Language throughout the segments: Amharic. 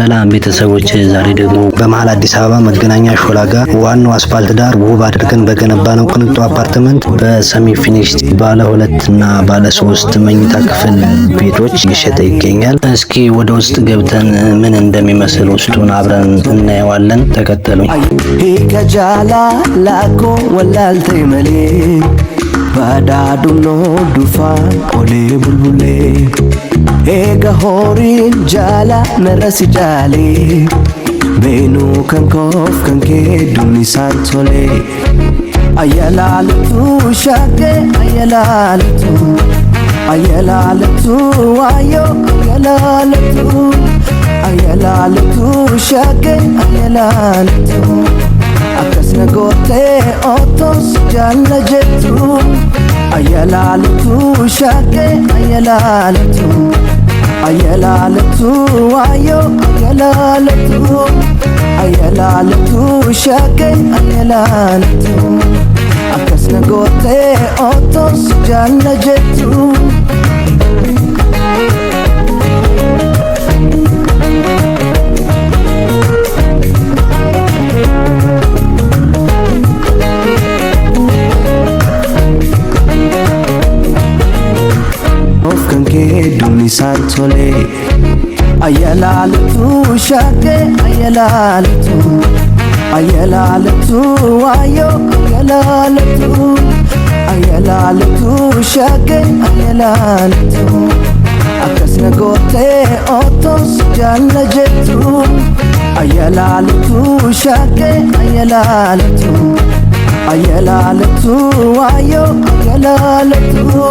ሰላም ቤተሰቦች፣ ዛሬ ደግሞ በመሀል አዲስ አበባ መገናኛ ሾላ ጋር ዋናው አስፋልት ዳር ውብ አድርገን ነው ቅንጡ አፓርትመንት በሰሚ ፊኒሽ ባለ ሁለትና ባለ ሶስት መኝታ ክፍል ቤቶች እየሸጠ ይገኛል። እስኪ ወደ ውስጥ ገብተን ምን እንደሚመስል ውስጡን አብረን እናየዋለን። ተከተሉኝ። ከጃላ ላኮ መሌ ዱፋ ኦሌ ቡልቡሌ Eega horiin jaalaa narra si jaalee Beenuu kan koof kan kee duun isaan tolee Ayyalaalatu shaakee ayyalaalatu Ayyalaalatu waayoo ayyalaalatu Ayyalaalatu shaakee ayyalaalatu Akkas na gootee ootoos jaalla jettu Ayyalaalatu shaakee ayyalaalatu አየላለቱ ዋየው አየላለቱ አየላለቱ ሸገኝ አየላለቱ አከስነጎቴ ኦቶ ስጃነጀቱ kan kee duun isaan tole ayalaaletu shaakee ayalaaletu ayalaaletu waayoo ayalaaletu ayalaaletu shaakee ayalaaletu akkas na gootee ootos jaalla jettu ayalaaletu shaakee ayalaaletu ayalaaletu waayoo ayalaaletu.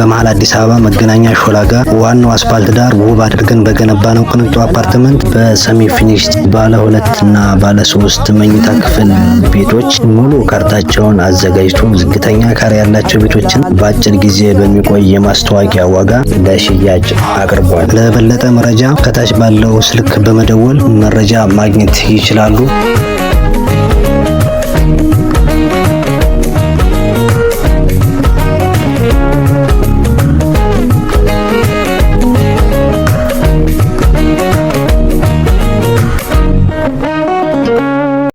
በመሀል አዲስ አበባ መገናኛ ሾላ ጋር ዋናው አስፋልት ዳር ውብ አድርገን በገነባነው ቅንጡ አፓርትመንት በሰሚ ፊኒሽት ባለ ሁለት ባለ ሶስት መኝታ ክፍል ቤቶች ሙሉ ካርታቸውን አዘጋጅቶ ዝቅተኛ ካሬ ያላቸው ቤቶችን በአጭር ጊዜ በሚቆይ የማስታወቂያ ዋጋ ለሽያጭ አቅርቧል። ለበለጠ መረጃ ከታች ባለው ስልክ በመደወል መረጃ ማግኘት ይችላሉ።